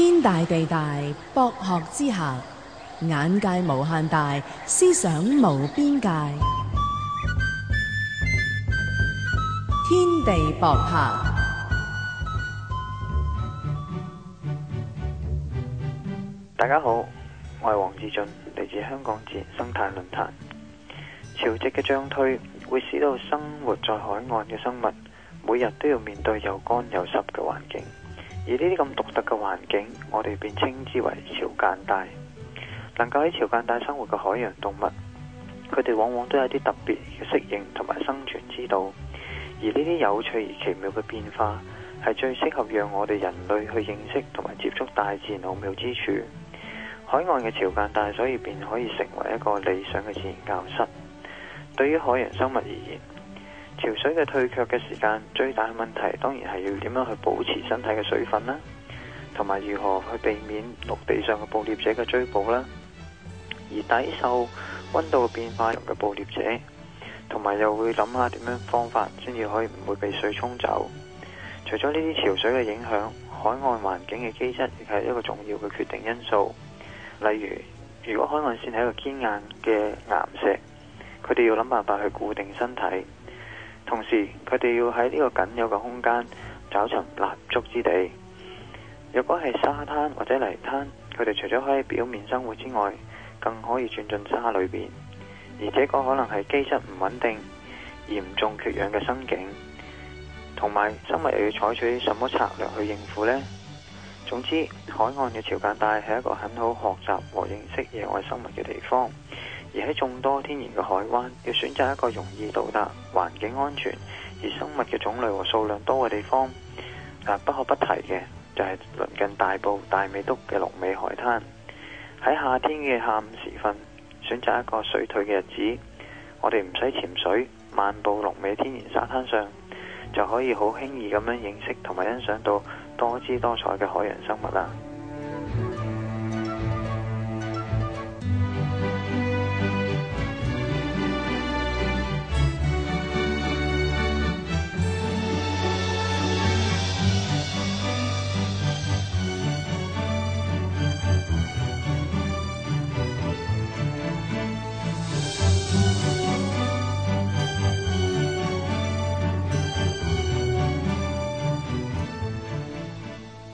天大地大，博學之下，眼界無限大，思想無邊界。天地博客，大家好，我係黃志俊，嚟自香港自然生態論壇。潮汐嘅漲退會使到生活在海岸嘅生物，每日都要面對又乾又濕嘅環境。而呢啲咁獨特嘅環境，我哋便稱之為潮間帶。能夠喺潮間帶生活嘅海洋動物，佢哋往往都有啲特別嘅適應同埋生存之道。而呢啲有趣而奇妙嘅變化，係最適合讓我哋人類去認識同埋接觸大自然奧妙之處。海岸嘅潮間帶，所以便可以成為一個理想嘅自然教室。對於海洋生物而言，潮水嘅退卻嘅時間，最大嘅問題當然係要點樣去保持身體嘅水分啦，同埋如何去避免陸地上嘅捕獵者嘅追捕啦，而抵受溫度變化嘅捕獵者，同埋又會諗下點樣方法先至可以唔會被水沖走。除咗呢啲潮水嘅影響，海岸環境嘅基質亦係一個重要嘅決定因素。例如，如果海岸線係一個堅硬嘅岩石，佢哋要諗辦法去固定身體。同時，佢哋要喺呢個僅有嘅空間找尋立足之地。若果係沙灘或者泥灘，佢哋除咗可以表面生活之外，更可以鑽進沙裏邊。而這個可能係基質唔穩定、嚴重缺氧嘅生境，同埋生物又要採取什麼策略去應付呢？總之，海岸嘅潮間帶係一個很好學習和認識野外生物嘅地方。而喺眾多天然嘅海灣，要選擇一個容易到達、環境安全、而生物嘅種類和數量多嘅地方，啊，不可不提嘅就係鄰近大埔大美督嘅龍尾海灘。喺夏天嘅下午時分，選擇一個水退嘅日子，我哋唔使潛水，漫步龍尾天然沙灘上，就可以好輕易咁樣認識同埋欣賞到多姿多彩嘅海洋生物啦。